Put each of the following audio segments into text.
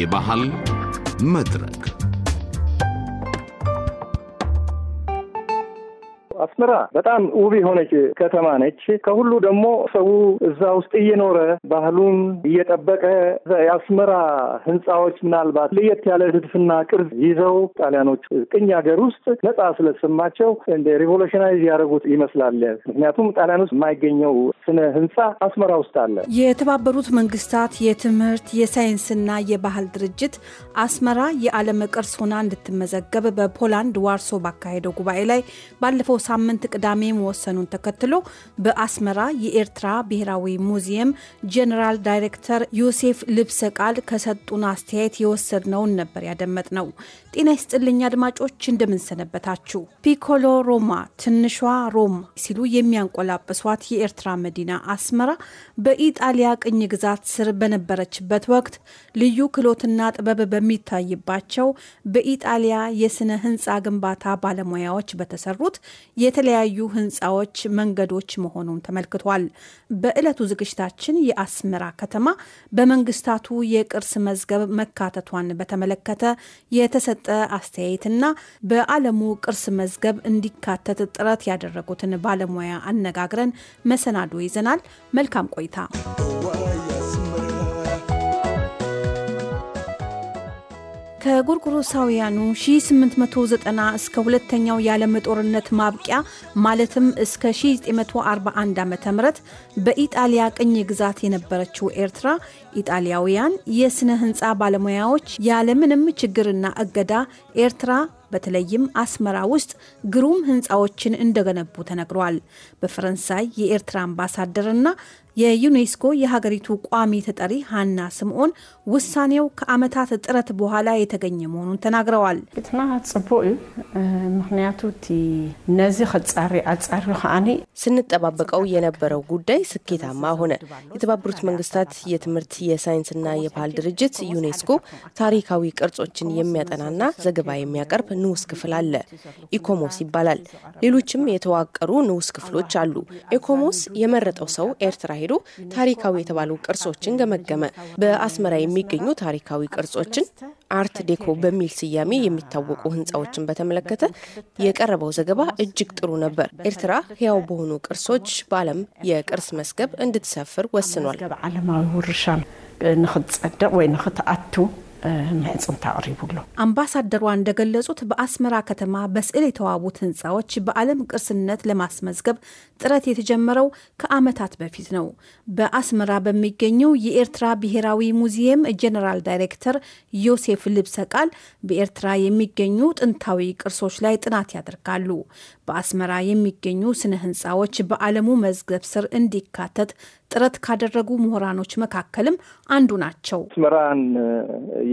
የባህል መድረክ አስመራ በጣም ውብ የሆነች ከተማ ነች። ከሁሉ ደግሞ ሰው እዛ ውስጥ እየኖረ ባህሉን እየጠበቀ የአስመራ ህንፃዎች ምናልባት ለየት ያለ ህድፍና ቅርጽ ይዘው ጣሊያኖች ቅኝ ሀገር ውስጥ ነጻ ስለሰማቸው እንደ ሪቮሉሽናይዝ ያደረጉት ይመስላል። ምክንያቱም ጣሊያን ውስጥ የማይገኘው ስነ ህንፃ አስመራ ውስጥ አለ። የተባበሩት መንግስታት የትምህርት የሳይንስና የባህል ድርጅት አስመራ የዓለም ቅርስ ሆና እንድትመዘገብ በፖላንድ ዋርሶ ባካሄደው ጉባኤ ላይ ባለፈው ሳምንት ሳምንት ቅዳሜ መወሰኑን ተከትሎ በአስመራ የኤርትራ ብሔራዊ ሙዚየም ጄኔራል ዳይሬክተር ዮሴፍ ልብሰ ቃል ከሰጡን አስተያየት የወሰድነውን ነበር ያደመጥ ነው። ጤና ይስጥልኝ አድማጮች፣ እንደምንሰነበታችሁ። ፒኮሎ ሮማ፣ ትንሿ ሮማ ሲሉ የሚያንቆላበሷት የኤርትራ መዲና አስመራ በኢጣሊያ ቅኝ ግዛት ስር በነበረችበት ወቅት ልዩ ክህሎትና ጥበብ በሚታይባቸው በኢጣሊያ የስነ ህንፃ ግንባታ ባለሙያዎች በተሰሩት የ የተለያዩ ህንፃዎች፣ መንገዶች መሆኑን ተመልክቷል። በዕለቱ ዝግጅታችን የአስመራ ከተማ በመንግስታቱ የቅርስ መዝገብ መካተቷን በተመለከተ የተሰጠ አስተያየትና በዓለሙ ቅርስ መዝገብ እንዲካተት ጥረት ያደረጉትን ባለሙያ አነጋግረን መሰናዶ ይዘናል። መልካም ቆይታ ከጎርጎሮሳውያኑ 1890 እስከ ሁለተኛው የዓለም ጦርነት ማብቂያ ማለትም እስከ 1941 ዓ ም በኢጣሊያ ቅኝ ግዛት የነበረችው ኤርትራ ኢጣሊያውያን የሥነ ሕንፃ ባለሙያዎች ያለምንም ችግርና እገዳ ኤርትራ በተለይም አስመራ ውስጥ ግሩም ህንፃዎችን እንደገነቡ ተነግሯል። በፈረንሳይ የኤርትራ አምባሳደርና የዩኔስኮ የሀገሪቱ ቋሚ ተጠሪ ሀና ስምዖን ውሳኔው ከዓመታት ጥረት በኋላ የተገኘ መሆኑን ተናግረዋል። ጽቡቅ እዩ ምክንያቱ እቲ ነዚ ከዓኒ ስንጠባበቀው የነበረው ጉዳይ ስኬታማ ሆነ። የተባበሩት መንግስታት የትምህርት የሳይንስና የባህል ድርጅት ዩኔስኮ ታሪካዊ ቅርጾችን የሚያጠናና ዘገባ የሚያቀርብ ንዑስ ክፍል አለ። ኢኮሞስ ይባላል። ሌሎችም የተዋቀሩ ንዑስ ክፍሎች አሉ። ኢኮሞስ የመረጠው ሰው ኤርትራ በመሄዱ ታሪካዊ የተባሉ ቅርሶችን ገመገመ። በአስመራ የሚገኙ ታሪካዊ ቅርሶችን አርት ዴኮ በሚል ስያሜ የሚታወቁ ህንፃዎችን በተመለከተ የቀረበው ዘገባ እጅግ ጥሩ ነበር። ኤርትራ ሕያው በሆኑ ቅርሶች በዓለም የቅርስ መስገብ እንድትሰፍር ወስኗል። ዓለማዊ ውርሻ ንክትጸደቅ ወይ ንክትአቱ ምህፅን ተቅሪቡሎ አምባሳደሯ እንደገለጹት በአስመራ ከተማ በስዕል የተዋቡት ህንፃዎች በዓለም ቅርስነት ለማስመዝገብ ጥረት የተጀመረው ከዓመታት በፊት ነው። በአስመራ በሚገኘው የኤርትራ ብሔራዊ ሙዚየም ጄኔራል ዳይሬክተር ዮሴፍ ልብሰ ቃል በኤርትራ የሚገኙ ጥንታዊ ቅርሶች ላይ ጥናት ያደርጋሉ። በአስመራ የሚገኙ ስነ ህንፃዎች በዓለሙ መዝገብ ስር እንዲካተት ጥረት ካደረጉ ምሁራኖች መካከልም አንዱ ናቸው። አስመራን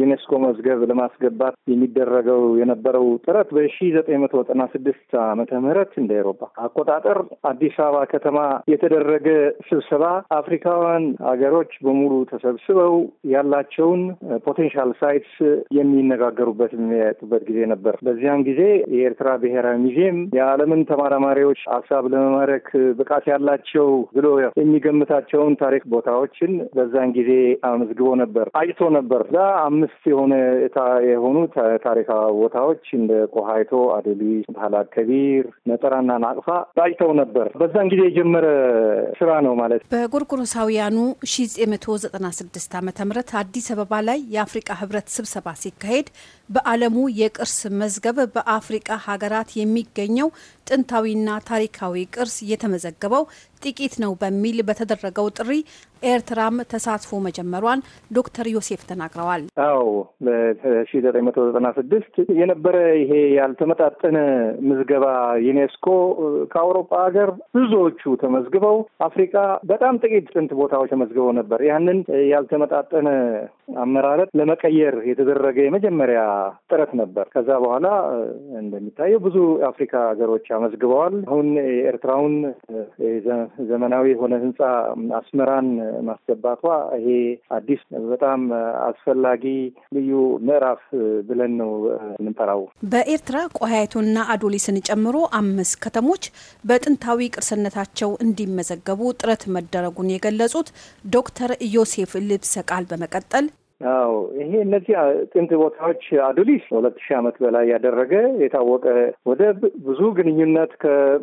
ዩኔስኮ መዝገብ ለማስገባት የሚደረገው የነበረው ጥረት በሺ ዘጠኝ መቶ ዘጠና ስድስት ዓመተ ምህረት እንደ አውሮፓ አቆጣጠር አዲስ አበባ ከተማ የተደረገ ስብሰባ አፍሪካውያን ሀገሮች በሙሉ ተሰብስበው ያላቸውን ፖቴንሻል ሳይትስ የሚነጋገሩበት የሚያጡበት ጊዜ ነበር። በዚያን ጊዜ የኤርትራ ብሔራዊ ሙዚየም የዓለምን ተማራማሪዎች ሀሳብ ለመማረክ ብቃት ያላቸው ብሎ የሚገምታቸው ያሏቸውን ታሪክ ቦታዎችን በዛን ጊዜ አመዝግቦ ነበር፣ አይቶ ነበር። እዛ አምስት የሆነ እታ የሆኑ ታሪካ ቦታዎች እንደ ቆሃይቶ፣ አደሊ፣ ባህላድ ከቢር፣ ነጠራና ናቅፋ አይተው ነበር። በዛን ጊዜ የጀመረ ስራ ነው ማለት በጎርጎሮሳውያኑ ስድስት ዓ ም አዲስ አበባ ላይ የአፍሪቃ ህብረት ስብሰባ ሲካሄድ በዓለሙ የቅርስ መዝገብ በአፍሪቃ ሀገራት የሚገኘው ጥንታዊና ታሪካዊ ቅርስ የተመዘገበው ጥቂት ነው በሚል በተደረገ ያደረገው ጥሪ ኤርትራም ተሳትፎ መጀመሯን ዶክተር ዮሴፍ ተናግረዋል። አዎ በሺ ዘጠኝ መቶ ዘጠና ስድስት የነበረ ይሄ ያልተመጣጠነ ምዝገባ ዩኔስኮ ከአውሮፓ ሀገር ብዙዎቹ ተመዝግበው አፍሪካ በጣም ጥቂት ጥንት ቦታዎች ተመዝግበው ነበር። ያንን ያልተመጣጠነ አመራረት ለመቀየር የተደረገ የመጀመሪያ ጥረት ነበር። ከዛ በኋላ እንደሚታየው ብዙ አፍሪካ ሀገሮች አመዝግበዋል። አሁን የኤርትራውን ዘመናዊ የሆነ ህንፃ አስመራን ማስገባቷ ይሄ አዲስ በጣም አስፈላጊ ልዩ ምዕራፍ ብለን ነው የምንጠራው። በኤርትራ ቆሀይቱና አዶሊስን ጨምሮ አምስት ከተሞች በጥንታዊ ቅርስነታቸው እንዲመዘገቡ ጥረት መደረጉን የገለጹት ዶክተር ዮሴፍ ልብሰ ቃል በመቀጠል አዎ ይሄ እነዚህ ጥንት ቦታዎች አዱሊስ ሁለት ሺህ ዓመት በላይ ያደረገ የታወቀ ወደብ ብዙ ግንኙነት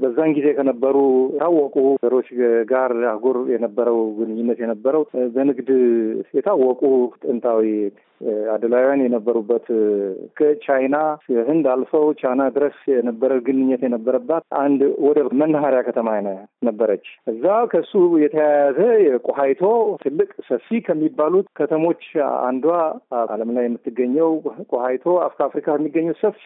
በዛን ጊዜ ከነበሩ የታወቁ ሀገሮች ጋር አህጉር የነበረው ግንኙነት የነበረው በንግድ የታወቁ ጥንታዊ አደላውያን የነበሩበት ከቻይና ህንድ አልፈው ቻይና ድረስ የነበረ ግንኙነት የነበረባት አንድ ወደብ መናኸሪያ ከተማ ነበረች። እዛ ከሱ የተያያዘ የቆሀይቶ ትልቅ ሰፊ ከሚባሉት ከተሞች አንዷ ዓለም ላይ የምትገኘው ቆሀይቶ አፍተ አፍሪካ የሚገኘው ሰፊ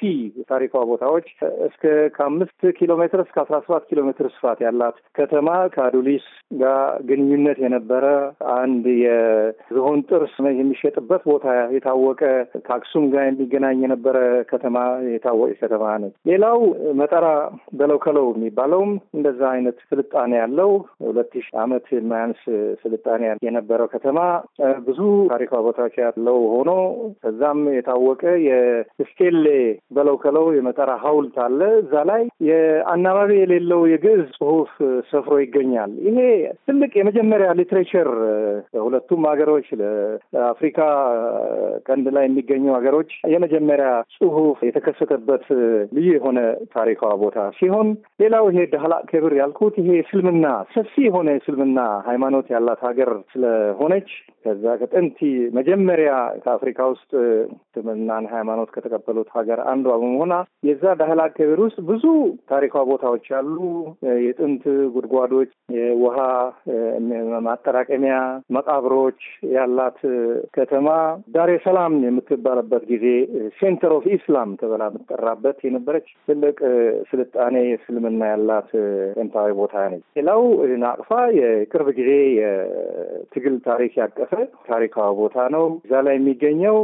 ታሪኳ ቦታዎች እስከ ከአምስት ኪሎ ሜትር እስከ አስራ ሰባት ኪሎ ሜትር ስፋት ያላት ከተማ ከአዱሊስ ጋር ግንኙነት የነበረ አንድ የዝሆን ጥርስ የሚሸጥበት ቦታ የታወቀ ከአክሱም ጋር የሚገናኝ የነበረ ከተማ የታወቀ ከተማ ነች። ሌላው መጠራ በለውከለው የሚባለውም እንደዛ አይነት ስልጣኔ ያለው ሁለት ሺህ ዓመት የማያንስ ስልጣኔ የነበረው ከተማ ብዙ ታሪካ ቦታዎች ያለው ሆኖ ከዛም የታወቀ የስቴሌ በለውከለው የመጠራ ሐውልት አለ። እዛ ላይ የአናባቢ የሌለው የግዕዝ ጽሁፍ ሰፍሮ ይገኛል። ይሄ ትልቅ የመጀመሪያ ሊትሬቸር ሁለቱም ሀገሮች ለአፍሪካ ቀንድ ላይ የሚገኙ ሀገሮች የመጀመሪያ ጽሁፍ የተከሰተበት ልዩ የሆነ ታሪካዋ ቦታ ሲሆን ሌላው ይሄ ዳህላቅ ክብር ያልኩት ይሄ እስልምና ሰፊ የሆነ እስልምና ሃይማኖት ያላት ሀገር ስለሆነች ከዛ ከጥንቲ መጀመሪያ ከአፍሪካ ውስጥ እስልምናን ሃይማኖት ከተቀበሉት ሀገር አንዷ በመሆኗ የዛ ዳህላቅ ክብር ውስጥ ብዙ ታሪካዋ ቦታዎች አሉ። የጥንት ጉድጓዶች፣ የውሃ ማጠራቀሚያ መቃብሮች ያላት ከተማ ዛሬ ሰላም የምትባልበት ጊዜ ሴንተር ኦፍ ኢስላም ተብላ የምትጠራበት የነበረች ትልቅ ስልጣኔ እስልምና ያላት ጥንታዊ ቦታ ነች። ሌላው ናቅፋ የቅርብ ጊዜ የትግል ታሪክ ያቀፈ ታሪካዊ ቦታ ነው። እዛ ላይ የሚገኘው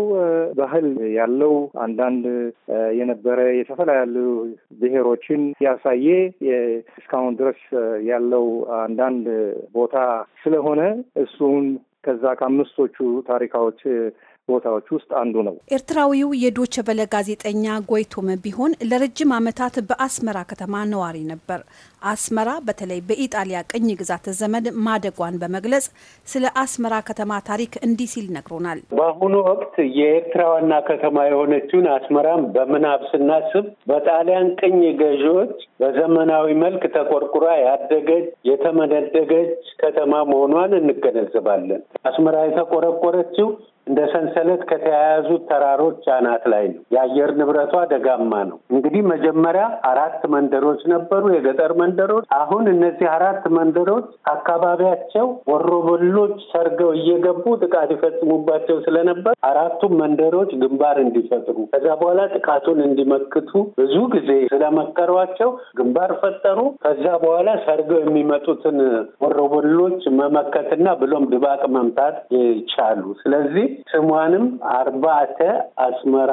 ባህል ያለው አንዳንድ የነበረ የተፈላያሉ ብሔሮችን ያሳየ እስካሁን ድረስ ያለው አንዳንድ ቦታ ስለሆነ እሱን ከዛ ከአምስቶቹ ታሪካዎች ቦታዎች ውስጥ አንዱ ነው። ኤርትራዊው የዶቸበለ በለ ጋዜጠኛ ጎይቶም ቢሆን ለረጅም ዓመታት በአስመራ ከተማ ነዋሪ ነበር። አስመራ በተለይ በኢጣሊያ ቅኝ ግዛት ዘመን ማደጓን በመግለጽ ስለ አስመራ ከተማ ታሪክ እንዲህ ሲል ነግሮናል። በአሁኑ ወቅት የኤርትራ ዋና ከተማ የሆነችውን አስመራን በምናብ ስናስብ በጣሊያን ቅኝ ገዢዎች በዘመናዊ መልክ ተቆርቁራ ያደገች የተመነደገች ከተማ መሆኗን እንገነዘባለን። አስመራ የተቆረቆረችው እንደ ሰንሰለት ከተያያዙት ተራሮች አናት ላይ ነው። የአየር ንብረቷ ደጋማ ነው። እንግዲህ መጀመሪያ አራት መንደሮች ነበሩ፣ የገጠር መንደሮች። አሁን እነዚህ አራት መንደሮች አካባቢያቸው ወሮበሎች ሰርገው እየገቡ ጥቃት ይፈጽሙባቸው ስለነበር አራቱም መንደሮች ግንባር እንዲፈጥሩ ከዛ በኋላ ጥቃቱን እንዲመክቱ ብዙ ጊዜ ስለመከሯቸው ግንባር ፈጠሩ። ከዛ በኋላ ሰርገው የሚመጡትን ወሮበሎች መመከትና ብሎም ድባቅ መምታት ይቻሉ። ስለዚህ ስሟንም አርባተ አስመራ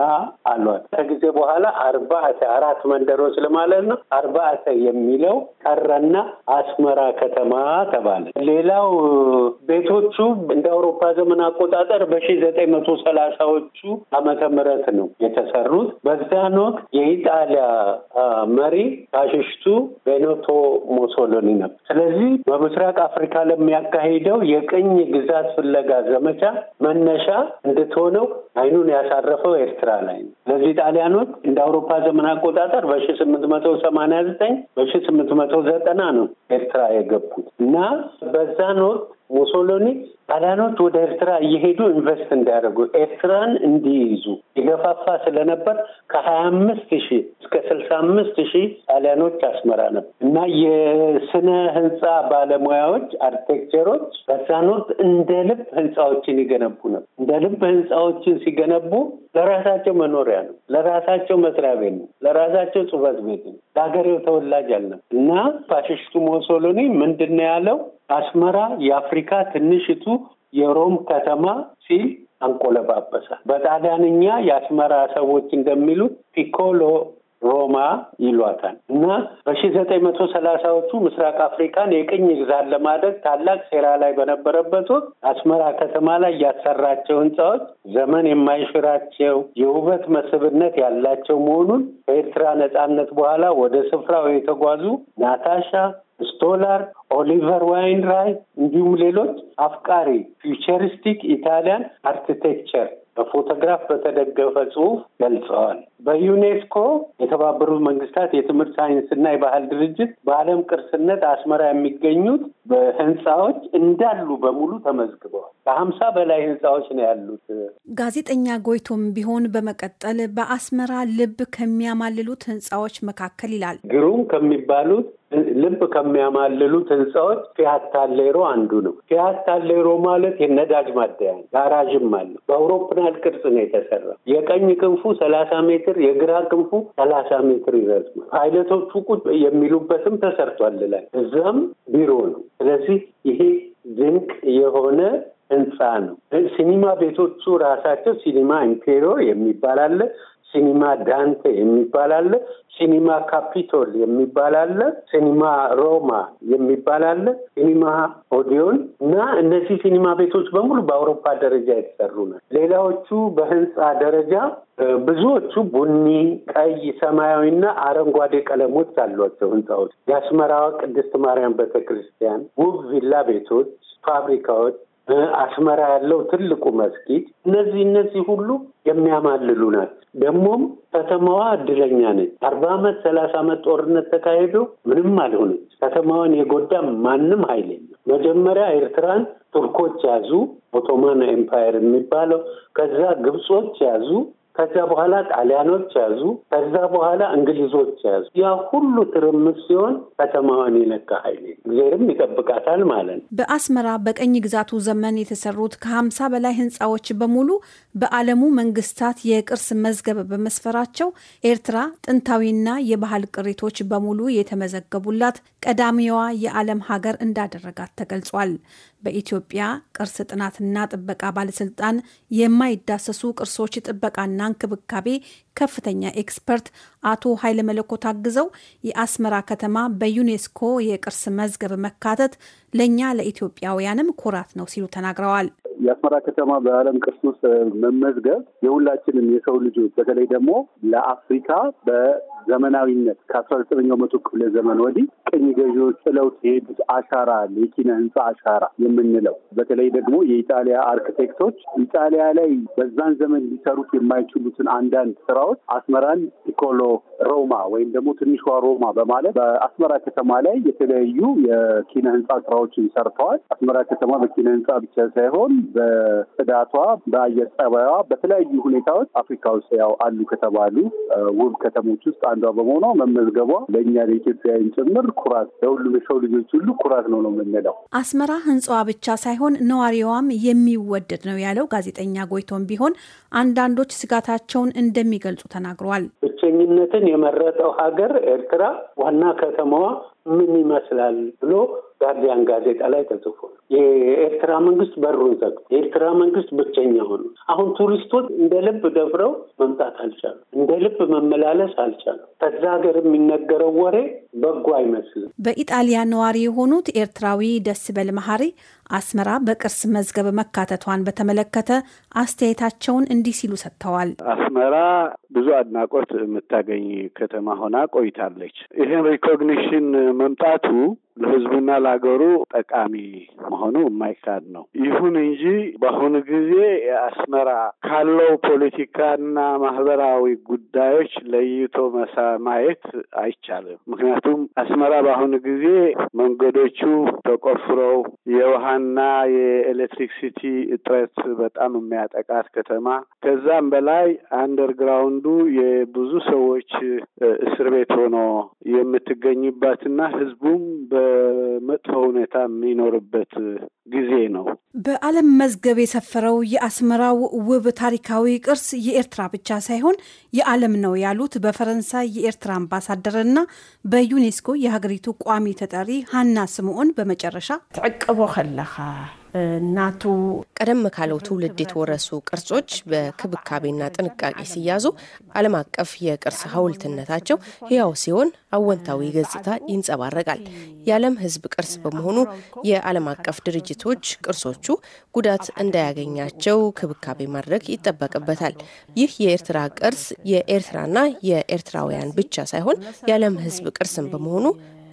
አሏት። ከጊዜ በኋላ አርባዕተ አራት መንደሮች ለማለት ነው። አርባዕተ የሚለው ቀረና አስመራ ከተማ ተባለ። ሌላው ቤቶቹ እንደ አውሮፓ ዘመን አቆጣጠር በሺ ዘጠኝ መቶ ሰላሳዎቹ አመተ ምህረት ነው የተሰሩት። በዛን ወቅት የኢጣሊያ መሪ ፋሽስቱ ቤኖቶ ሞሶሎኒ ነበር። ስለዚህ በምስራቅ አፍሪካ ለሚያካሂደው የቅኝ ግዛት ፍለጋ ዘመቻ መነሻ መጨረሻ እንድትሆነው አይኑን ያሳረፈው ኤርትራ ላይ ነው። ስለዚህ ጣሊያኖች እንደ አውሮፓ ዘመን አቆጣጠር በሺ ስምንት መቶ ሰማንያ ዘጠኝ በሺ ስምንት መቶ ዘጠና ነው ኤርትራ የገቡት እና በዛን ወቅት ሙሶሎኒ ጣሊያኖች ወደ ኤርትራ እየሄዱ ኢንቨስት እንዲያደርጉ ኤርትራን እንዲይዙ የገፋፋ ስለነበር ከሀያ አምስት ሺህ እስከ ስልሳ አምስት ሺህ ጣሊያኖች አስመራ ነበር እና የስነ ህንፃ ባለሙያዎች አርቴክቸሮች በዛን ወቅት እንደ ልብ ህንፃዎችን ይገነቡ ነበር። እንደ ልብ ህንፃዎችን ሲገነቡ ለራሳቸው መኖሪያ ነው፣ ለራሳቸው መስሪያ ቤት ነው፣ ለራሳቸው ጽሕፈት ቤት ነው። ለሀገሬው ተወላጅ አልነበር እና ፋሽስቱ ሞሶሎኒ ምንድን ነው ያለው? አስመራ የአፍሪካ ትንሽቱ የሮም ከተማ ሲል አንቆለባበሳል። በጣሊያንኛ የአስመራ ሰዎች እንደሚሉት ፒኮሎ ሮማ ይሏታል እና በሺ ዘጠኝ መቶ ሰላሳዎቹ ምስራቅ አፍሪካን የቅኝ ግዛት ለማድረግ ታላቅ ሴራ ላይ በነበረበት ወቅት አስመራ ከተማ ላይ ያሰራቸው ህንፃዎች ዘመን የማይሽራቸው የውበት መስህብነት ያላቸው መሆኑን ከኤርትራ ነፃነት በኋላ ወደ ስፍራው የተጓዙ ናታሻ ስቶላር፣ ኦሊቨር ዋይንራይ እንዲሁም ሌሎች አፍቃሪ ፊውቸሪስቲክ ኢታሊያን አርኪቴክቸር በፎቶግራፍ በተደገፈ ጽሁፍ ገልጸዋል። በዩኔስኮ የተባበሩት መንግስታት የትምህርት ሳይንስና የባህል ድርጅት በዓለም ቅርስነት አስመራ የሚገኙት ህንፃዎች እንዳሉ በሙሉ ተመዝግበዋል። ከሀምሳ በላይ ህንፃዎች ነው ያሉት። ጋዜጠኛ ጎይቶም ቢሆን በመቀጠል በአስመራ ልብ ከሚያማልሉት ህንፃዎች መካከል ይላል ግሩም ከሚባሉት ልብ ከሚያማልሉት ህንፃዎች ፊያታሌሮ አንዱ ነው። ፊያታሌሮ ማለት የነዳጅ ማደያ ጋራዥም አለ በአውሮፕላን ቅርጽ ነው የተሰራ። የቀኝ ክንፉ ሰላሳ ሜትር የግራ ክንፉ ሰላሳ ሜትር ይረዝማል። ፓይለቶቹ ቁጭ የሚሉበትም ተሰርቷል ላይ እዛም ቢሮ ነው። ስለዚህ ይሄ ድንቅ የሆነ ህንፃ ነው። ሲኒማ ቤቶቹ ራሳቸው ሲኒማ ኢምፔሪዮ የሚባል አለ። ሲኒማ ዳንቴ የሚባል አለ፣ ሲኒማ ካፒቶል የሚባል አለ፣ ሲኒማ ሮማ የሚባል አለ፣ ሲኒማ ኦዲዮን እና እነዚህ ሲኒማ ቤቶች በሙሉ በአውሮፓ ደረጃ የተሰሩ ነው። ሌላዎቹ በህንፃ ደረጃ ብዙዎቹ ቡኒ፣ ቀይ፣ ሰማያዊና አረንጓዴ ቀለሞች አሏቸው ህንፃዎች የአስመራዋ ቅድስት ማርያም ቤተክርስቲያን፣ ውብ ቪላ ቤቶች፣ ፋብሪካዎች አስመራ ያለው ትልቁ መስጊድ፣ እነዚህ እነዚህ ሁሉ የሚያማልሉ ናቸው። ደግሞም ከተማዋ እድለኛ ነች። አርባ አመት ሰላሳ አመት ጦርነት ተካሂዶ ምንም አልሆነች። ከተማዋን የጎዳ ማንም ኃይል የለም። መጀመሪያ ኤርትራን ቱርኮች ያዙ፣ ኦቶማን ኤምፓየር የሚባለው ከዛ ግብጾች ያዙ፣ ከዚያ በኋላ ጣሊያኖች ያዙ። ከዛ በኋላ እንግሊዞች ያዙ። ያ ሁሉ ትርምስ ሲሆን ከተማዋን የነካ ኃይል እግዜርም ይጠብቃታል ማለት ነው። በአስመራ በቀኝ ግዛቱ ዘመን የተሰሩት ከሀምሳ በላይ ህንፃዎች በሙሉ በዓለሙ መንግስታት የቅርስ መዝገብ በመስፈራቸው ኤርትራ ጥንታዊና የባህል ቅሪቶች በሙሉ የተመዘገቡላት ቀዳሚዋ የዓለም ሀገር እንዳደረጋት ተገልጿል። በኢትዮጵያ ቅርስ ጥናትና ጥበቃ ባለስልጣን የማይዳሰሱ ቅርሶች ጥበቃና እንክብካቤ ከፍተኛ ኤክስፐርት አቶ ኃይለ መለኮ አግዘው የአስመራ ከተማ በዩኔስኮ የቅርስ መዝገብ መካተት ለእኛ ለኢትዮጵያውያንም ኩራት ነው ሲሉ ተናግረዋል። የአስመራ ከተማ በዓለም ቅርስ ውስጥ መመዝገብ የሁላችንም የሰው ልጆች በተለይ ደግሞ ለአፍሪካ ዘመናዊነት ከአስራ ዘጠነኛው መቶ ክፍለ ዘመን ወዲህ ቅኝ ገዢዎች ጥለውት የሄዱት አሻራ አለ። የኪነ ህንፃ አሻራ የምንለው በተለይ ደግሞ የኢጣሊያ አርክቴክቶች ኢጣሊያ ላይ በዛን ዘመን ሊሰሩት የማይችሉትን አንዳንድ ስራዎች አስመራን ፒኮሎ ሮማ ወይም ደግሞ ትንሿ ሮማ በማለት በአስመራ ከተማ ላይ የተለያዩ የኪነ ህንፃ ስራዎችን ሰርተዋል። አስመራ ከተማ በኪነ ህንፃ ብቻ ሳይሆን በጽዳቷ፣ በአየር ጸባይዋ፣ በተለያዩ ሁኔታዎች አፍሪካ ውስጥ ያው አሉ ከተባሉ ውብ ከተሞች ውስጥ አንዷ በመሆኗ መመዝገቧ ለእኛ ለኢትዮጵያውያን ጭምር ኩራት ለሁሉም የሰው ልጆች ሁሉ ኩራት ነው ነው የምንለው። አስመራ ህንፃዋ ብቻ ሳይሆን ነዋሪዋም የሚወደድ ነው ያለው ጋዜጠኛ ጎይቶም ቢሆን አንዳንዶች ስጋታቸውን እንደሚገልጹ ተናግረዋል። ብቸኝነትን የመረጠው ሀገር ኤርትራ ዋና ከተማዋ ምን ይመስላል ብሎ ጋርዲያን ጋዜጣ ላይ ተጽፏል። የኤርትራ መንግስት በሩን ዘግ የኤርትራ መንግስት ብቸኛ ሆኑ። አሁን ቱሪስቶች እንደ ልብ ደፍረው መምጣት አልቻሉ፣ እንደ ልብ መመላለስ አልቻሉ። ከዛ ሀገር የሚነገረው ወሬ በጎ አይመስልም። በኢጣሊያ ነዋሪ የሆኑት ኤርትራዊ ደስበል መሀሪ አስመራ በቅርስ መዝገብ መካተቷን በተመለከተ አስተያየታቸውን እንዲህ ሲሉ ሰጥተዋል። አስመራ ብዙ አድናቆት የምታገኝ ከተማ ሆና ቆይታለች። ይህን ሪኮግኒሽን መምጣቱ ለህዝቡና ለሀገሩ ጠቃሚ መሆኑ የማይካድ ነው። ይሁን እንጂ በአሁኑ ጊዜ አስመራ ካለው ፖለቲካና ማህበራዊ ጉዳዮች ለይቶ መሳ ማየት አይቻልም። ምክንያቱም አስመራ በአሁኑ ጊዜ መንገዶቹ ተቆፍረው የውሃና የኤሌክትሪክሲቲ እጥረት በጣም የሚያጠቃት ከተማ፣ ከዛም በላይ አንደርግራውንዱ የብዙ ሰዎች እስር ቤት ሆኖ የምትገኝባትና ህዝቡም በመጥፎ ሁኔታ የሚኖርበት ጊዜ ነው። በዓለም መዝገብ የሰፈረው የአስመራው ውብ ታሪካዊ ቅርስ የኤርትራ ብቻ ሳይሆን የዓለም ነው ያሉት በፈረንሳይ የኤርትራ አምባሳደርና በዩኔስኮ የሀገሪቱ ቋሚ ተጠሪ ሀና ስምዖን በመጨረሻ ትዕቅቦ ከለካ እናቱ ቀደም ካለው ትውልድ የተወረሱ ቅርሶች በክብካቤና ጥንቃቄ ሲያዙ ዓለም አቀፍ የቅርስ ሐውልትነታቸው ህያው ሲሆን አወንታዊ ገጽታ ይንጸባረቃል። የዓለም ህዝብ ቅርስ በመሆኑ የዓለም አቀፍ ድርጅቶች ቅርሶቹ ጉዳት እንዳያገኛቸው ክብካቤ ማድረግ ይጠበቅበታል። ይህ የኤርትራ ቅርስ የኤርትራና የኤርትራውያን ብቻ ሳይሆን የዓለም ህዝብ ቅርስም በመሆኑ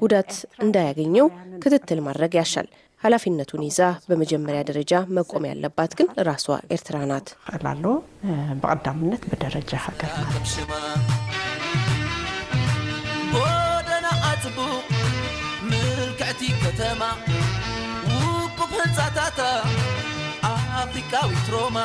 ጉዳት እንዳያገኘው ክትትል ማድረግ ያሻል። ኃላፊነቱን ይዛ በመጀመሪያ ደረጃ መቆም ያለባት ግን ራሷ ኤርትራ ናት እላለሁ። በቀዳምነት በደረጃ ሀገር ከተማ ውቁብ ህንፃታታ ሮማ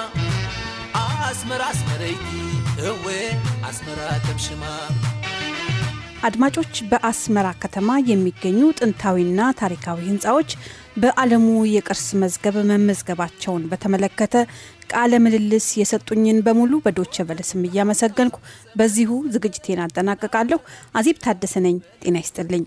አድማጮች በአስመራ ከተማ የሚገኙ ጥንታዊና ታሪካዊ ህንፃዎች በዓለሙ የቅርስ መዝገብ መመዝገባቸውን በተመለከተ ቃለ ምልልስ የሰጡኝን በሙሉ በዶቸ በለስም እያመሰገንኩ በዚሁ ዝግጅቴን አጠናቅቃለሁ። አዜብ ታደሰ ነኝ። ጤና ይስጥልኝ።